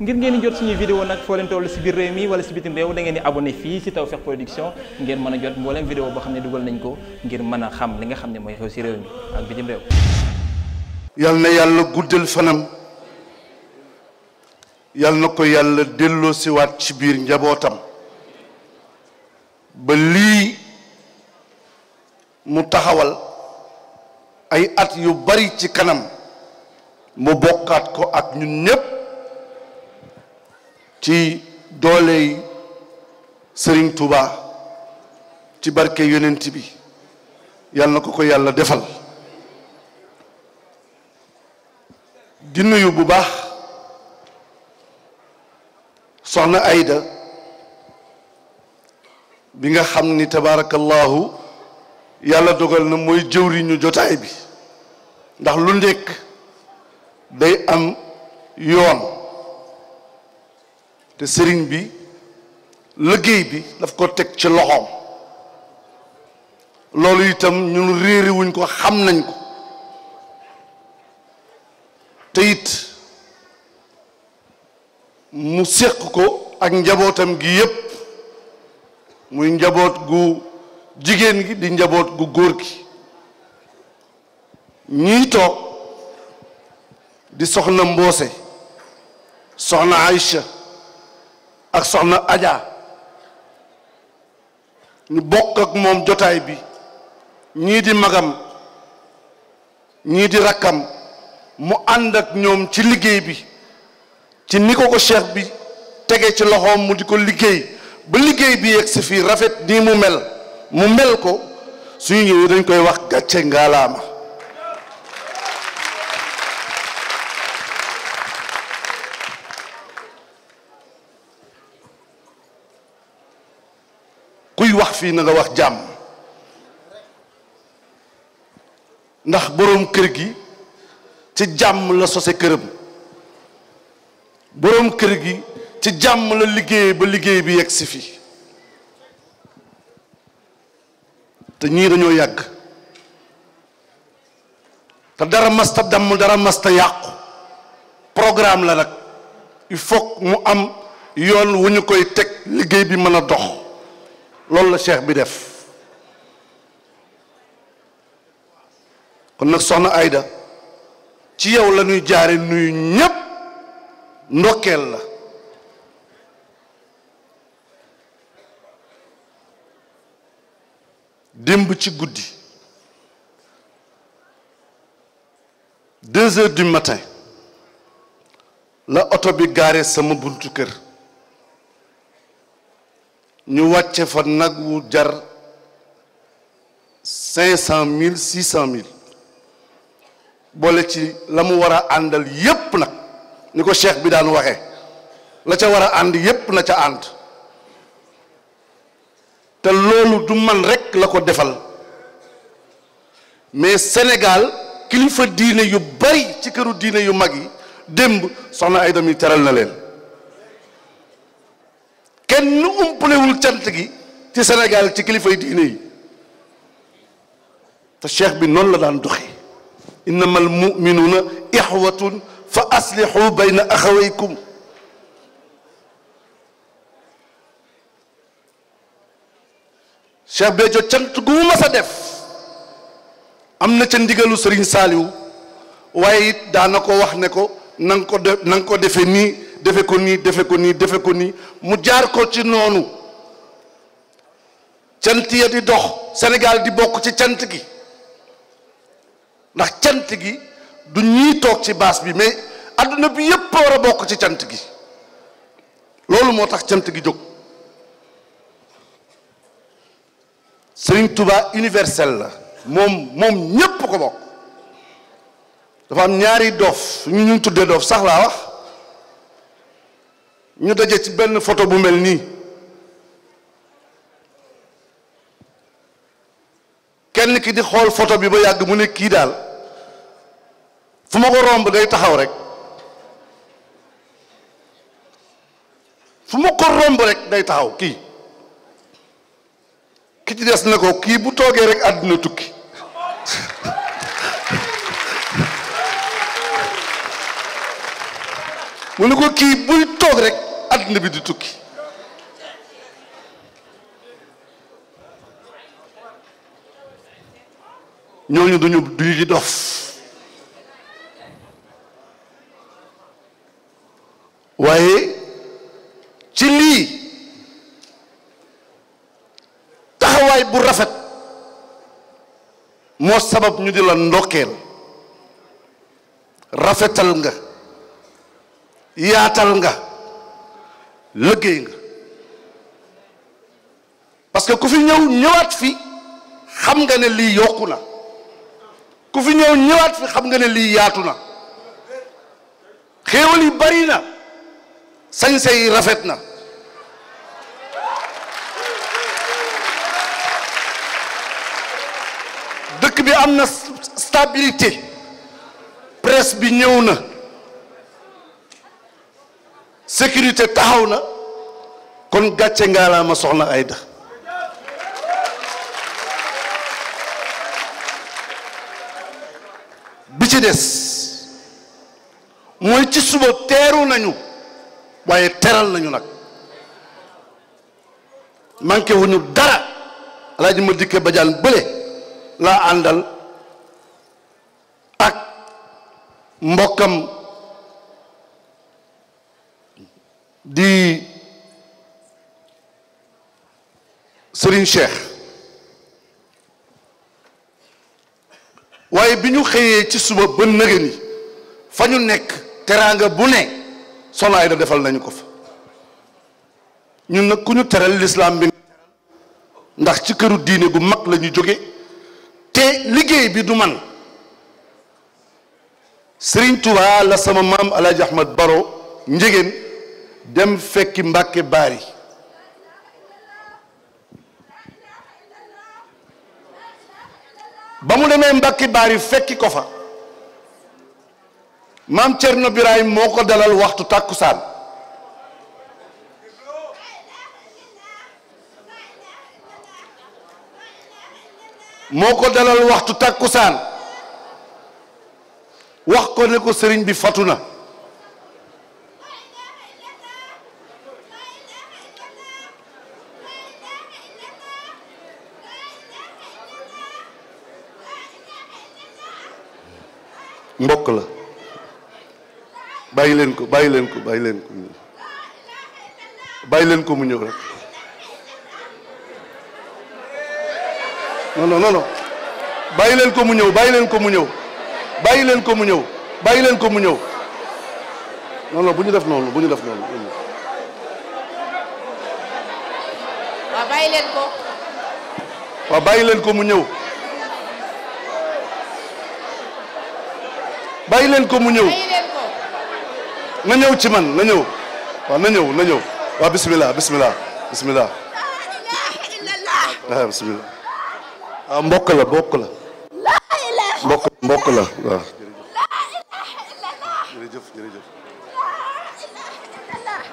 ngir ngeen jot suñuy vidéo nag foo leen toll si biir réew mi wala si bitim réew da ngeen di abonné fii si Tawfekh Production ngeen mën a jot mbooleem vidéo boo xam ne dugal nañ ko ngir mën a xam li nga xam ne mooy xew si réew mi ak bitim réew yal na yàlla guddal fanam yal na ko yàlla delloo siwaat ci biir njabootam ba lii mu taxawal ay at yu bari ci kanam mu bokkaat ko ak ñun ñépp ci dooley sëriñ tubaa ci barke yonent bi yàlla na ko ko yàlla defal di nuyu bu baax soxna Ayda bi nga xam ni tabaarakallaahu yàlla dogal na mooy jëwriñu jotaay bi ndax lu nekk day am yoon te sëriñ bi liggéey bi daf ko teg ci loxoom loolu itam ñun réeri ko xam nañ ko te it mu séq ko ak njabootam gi yépp muy njaboot gu jigéen gi di njaboot gu góor gi ñii toog di soxna Mboose soxna Aïcha ak soxna ajaa ñu bokk ak moom jotaay bi ñii di magam ñii di rakkam mu ànd ak ñoom ci liggéey bi ci ni ko ko cheikh bi tege ci loxoom mu di ko liggéey ba liggéey bi yegg si fii rafet nii mu mel mu mel ko suñu ñëwee dañ koy wax gàcce ngaalaama fii na wax jàmm ndax boroom kër gi ci jàmm la sose këram boroom kër gi ci jàmm la liggéey ba liggéey bi yegg si fii te ñii dañoo yàgg te dara masta damm dara masta yàqu programme la nag il faut mu am yoon wu ñu koy teg liggéey bi mën a dox loolu la cheikh bi def kon nag soxna Ayda ci yow la jaare nuyu ñépp ndokkeel la démb ci guddi deux heures du matin la oto bi gaare sama buntu kër ñu wàcce fa nag wu jar cinq cent mille six cent mille boole ci la mu war a àndal yépp nag ni ko cheikh bi daan waxee la ca war a ànd yépp na ca ànd te loolu du man rekk la ko defal mais Sénégal kilifa diine yu bari ci këru diine yu mag yi démb soxna ay doom yi teral na leen kenn umpalewul cant gi ci Sénégal ci kilifay diine yi te cheikh bi noonu la daan doxe innama al muminuuna ixwatun fa aslixu bayna axawaykum cheikh Béthio cant gu mu mas a def am na ca ndigalu Serigne Saliou waaye it daana ko wax ne ko na ko defe nii defe ko nii defe ko nii defe ko nii mu jaar ko ci noonu cant ya di dox Sénégal di bokk ci cant gi ndax cant gi du ñuy toog ci baas bi mais àdduna bi yépp war a bokk ci cant gi loolu moo tax cant gi jóg Sëriñ tubaa universel la moom moom ñépp ko bokk dafa am ñaari doof ñu ñu tuddee doof sax laa wax ñu daje ci benn photo bu mel nii kenn ki di xool photo bi ba yàgg mu ne kii daal fu ma ko romb day taxaw rek fu ma ko romb rek day taxaw kii ki ci des na ko kii bu toogee rek àdduna tukki mu ne ko kii buy toog rek àdduna bi di tukki ñooñu duñu duñu di dof waaye ci lii taxawaay bu rafet moo sabab ñu di la ndokkeel rafetal nga yaatal nga liggéey nga parce que ku fi ñëw ñëwaat fi xam nga ne lii yokku na ku fi ñëw ñëwaat fi xam nga ne lii yaatu na xéewal yi bari na sañse yi rafet na dëkk bi am na stabilité presse bi ñëw na sécurité taxaw na kon gàcce ngaalaa ma soxna Aida bi ci des mooy ci suba teeru nañu waaye teral nañu nag manqué wu ñu dara alaaji ma dikke bajaan bële laa àndal ak mbokkam di sëriñ Cheikh waaye bi ñu xëyee ci suba ba nëgë fa ñu nekk teraanga bu ne soxna Ayda defal nañu ko fa ñun nag ku ñu teral lislaam bi ndax ci këru diine gu mag la jóge te liggéey bi du man sëriñ Touba la sama maam El Hadj Ahmad Baro njëgeen dem fekki Mbàkke Baari ba mu demee Mbàkke yi fekki ko fa maam Cerno Birahim moo ko dalal waxtu tàkkusaan moo ko dalal waxtu tàkkusaan wax ko ne ko sëriñ bi fatu na mbokk la bàyyi leen ko bàyyi leen ko bàyyi leen ko mu ñëw bàyyi leen ko mu ñëw rek non non non non bàyyi leen ko mu ñëw bàyyi leen ko mu ñëw bàyyi leen ko mu ñëw bàyyi leen ko mu ñëw non non bu ñu def noonu bu ñu def noonu. waaw bàyyi leen ko. waaw bàyyi leen ko mu ñëw. bàyyi leen ko mu ñëw na ñëw ci man na ñëw waaw na ñëw na ñëw waaw bismillah bismillah bismillah waaw bismillah waaw ah, mbokk la mbokk la mbokk mbokk la waaw jërëjëf jërëjëf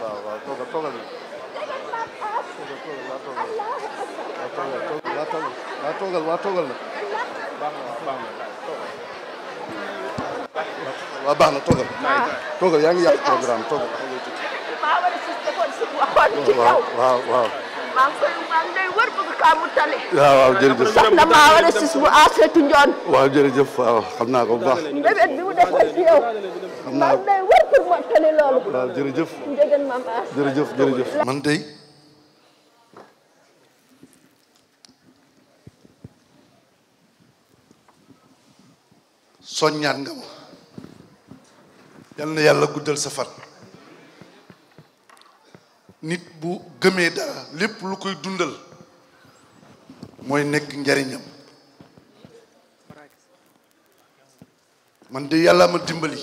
waaw waaw toogal toogal waa toogal waa toogal na baax na baax na waa baax na toogal. toogal yaa ngi yàq programme toogal. waaw waaw waaw. maa ngi koy maa ngi lay wër bëgg kaa mu tali. waaw waaw jërëjëf soxna maa war a sis bu xam naa ko baax. bébét bi mu defal ci yow. xam naa maa ngi mu tali loolu. waaw jërëjëf. njëgën man tey yal na yàlla guddal sa fan nit bu gëmee dara lépp lu koy dundal mooy nekk njariñam man de yàlla ma dimbali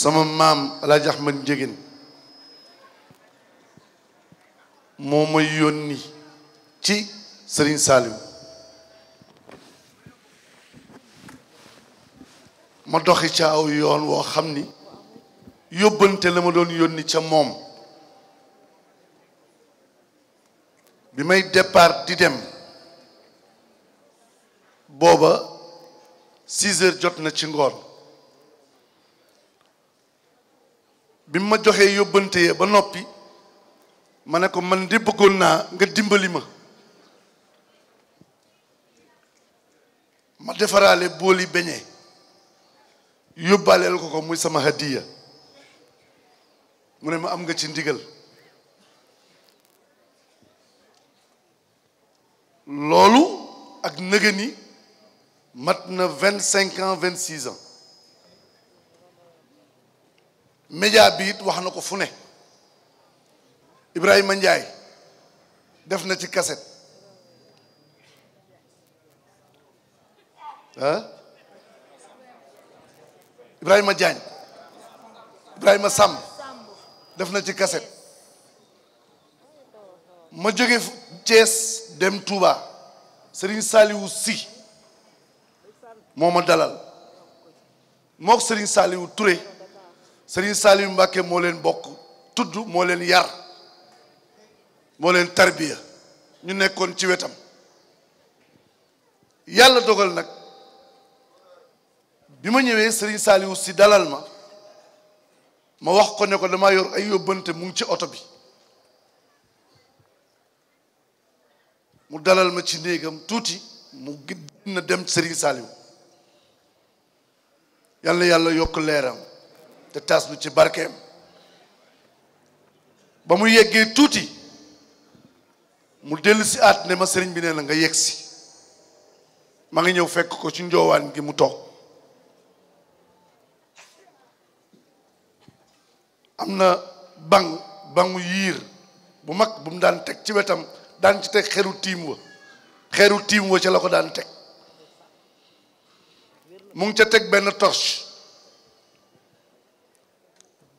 sama maam alaaji Ahmad Njëgéen moo may yónni ci Sëriñ Saaliw ma doxi ca aw yoon woo xam ni yóbbante la ma doon yónni ca moom bi may départ di dem booba six heures jot na ci ngoon bi ma joxee yóbbante ya ba noppi ma ne ko man de bëggoon naa nga dimbali ma ma defaraale booli beñe yóbbaaleel ko ko muy sama hadiya mu ne ma am nga ci ndigal loolu ak nëgë ni mat na vingt cinq ans vingt six ans média bi it wax na ko fu ne Ibrahima Ndiaye def na ci kaset Ibrahima Diagne Ibrahima sàmm def na ci kaset ma jóge Thiès dem Touba Serigne Saliou Sy moo ma dalal mook Serigne Saliou Touré Serigne Saliou Mbacke moo leen bokk tudd moo leen yar moo leen tarbiya ñu nekkoon ci wetam yàlla dogal nag bi ma ñëwee Serigne Saliou si dalal ma ma wax ko ne ko dama yor ay yóbbante mu ci oto bi mu dalal ma ci néegam tuuti mu gidd na dem Serigne Saliou yàlla yàlla yokk leeram te taas nu ci barkeem ba mu yeggee tuuti mu dellu si aat ne ma sëriñ bi nee na nga yegg si ma ngi ñëw fekk ko ci njoowaan gi mu toog am na bang bangu yiir bu mag bu mu daan teg ci wetam daan ci teg xeru tiim wa xeru tiim wa ci la ko daan teg mu ngi ca teg benn torche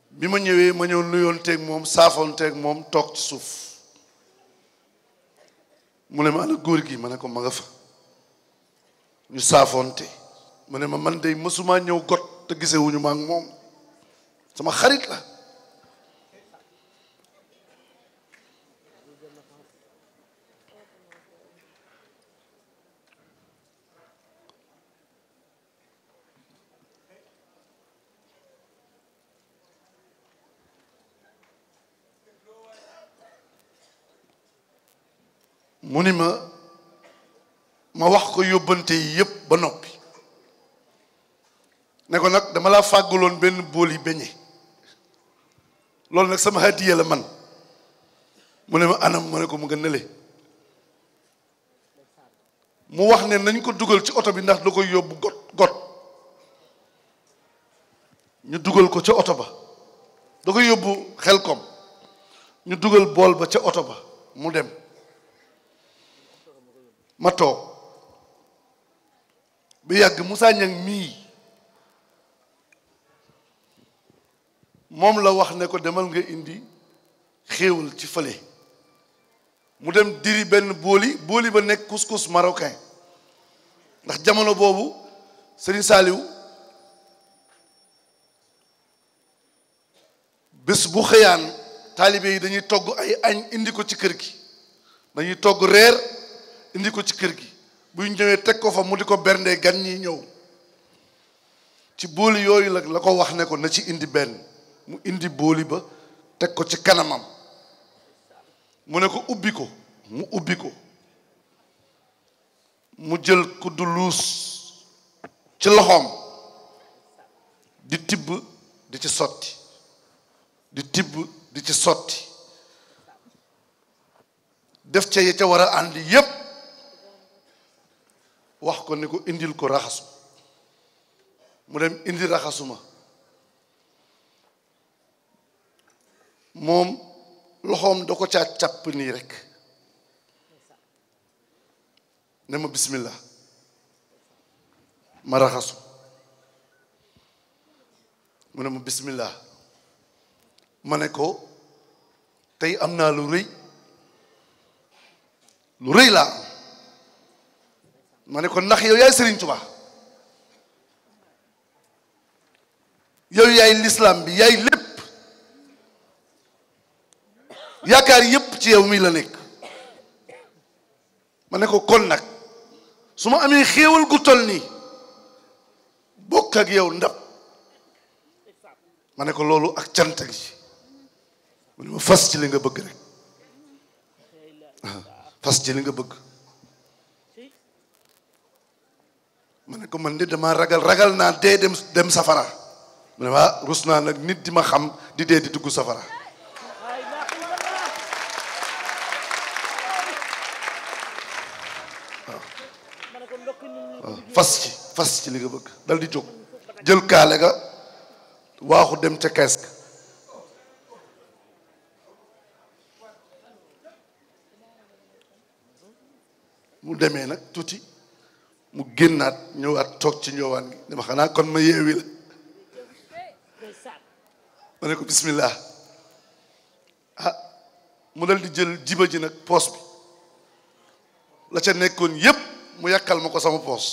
bi ma ñëwee ma ñëw nuyoon teeg moom saafoon moom toog ci suuf mu ne ma ana góor gi ma ne ko ma nga ñu saafoonte mu ne ma man de mësumaa ñëw got te gisewuñu ma moom sama xarit la mu ni ma ma wax ko yóbbante yi yépp ba noppi ne ko nag dama laa fàgguloon benn bool yi beñe loolu nag sama hadiya la man mu ne ma anam ma ne ko mu nga nële mu wax ne nañ ko dugal ci oto bi ndax da koy yóbbu got got ñu dugal ko ca oto ba da koy yóbbu xel kom ñu dugal bool ba ca oto ba mu dem ma toog bu yàgg Moussa Niang mii moom la wax ne ko demal nga indi xéewal ci fële mu dem diri benn booli booli ba nekk couscous marocain ndax jamono boobu Serigne Saliou bés bu xëyaan taalibe yi dañuy togg ay añ indi ko ci kër gi dañuy togg reer indi ko ci kër gi bu ñëwee teg ko fa mu di ko berndee gan ñi ñëw ci booli yooyu la la ko wax ne ko na ci indi benn mu indi booli ba teg ko ci kanamam mu ne ko ubbi ko mu ubbi ko mu jël kuddu luus ci loxoom di tibb di ci sotti di tibb di ci sotti def ca ca war a ànd yépp wax ko ni ko indil ko raxasu mu dem indi raxasuma moom loxoom da ko caa capp nii rek ne ma bismillah ma raxasu mu ne ma bismillah ma ne ko tey am naa lu rëy lu rëy laa ma ne ko ndax yow yaay Serigne Touba yow yaay lislaam bi yay lépp yaakaar yépp ci yow mii la nekk ma ne ko kon nag su ma amee xéewal gu toll nii bokk ak yow ndab ma ne ko loolu ak cant gi mu ne ma fas ci li nga bëgg rek fas ci li nga bëgg ma ne ko man de dama ragal ragal naa dee dem safara mu waa ah, rus naa nag nit di ma xam di dee di dugg safara waaw fas ci fas ci li bëgg dal di jóg jël kaale ga waaxu dem ca kees ga mu demee nag tuuti mu génnaat ñëwaat toog ci ñëwaan gi ne xanaa kon ma yeewi la ma ne ko bismillah ah mu dal di jël jiba ji nag poos bi la ca nekkoon yépp mu yàkkal ma ko sama poos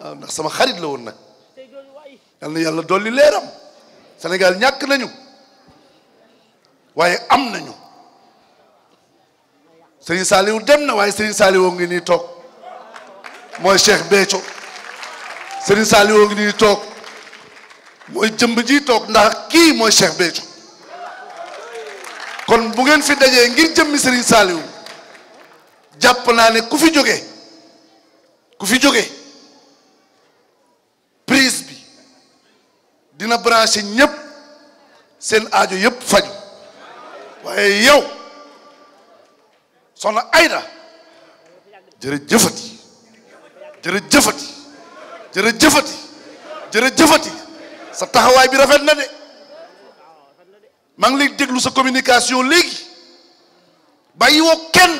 waaw ah, ndax sama xarit la woon nag yal na yàlla dolli leeram Sénégal ñàkk nañu waaye am nañu Serigne Saliou dem na waaye Serigne Saliou ngi nii toog mooy Cheikh Béthio Serigne Saliou ngi nii toog mooy jëmb ji toog ndax kii mooy Cheikh Béthio kon bu ngeen fi dajee ngir jëmmi Serigne Saliou jàpp naa ne ku fi jóge ku fi jóge prise bi dina branché ñépp seen aajo yépp faj waaye yow soxna Aida jërëjëfati jërëjëfati jërëjëfati jërëjëfati sa taxawaay bi rafet na de maa ngi lay déglu sa communication léegi bàyyiwoo kenn.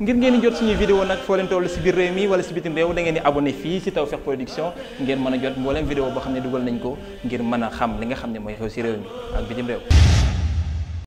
ngir ngeen di jot suñuy vidéo nag foo leen toll si biir réew mi wala si bitim réew da ngeen di ni fii si Tawfekh Production ngeen mën a jot mbooleem vidéo boo xam ne dugal nañ ko ngir mën a xam li nga xam ne mooy xew si réew mi ak bitim réew.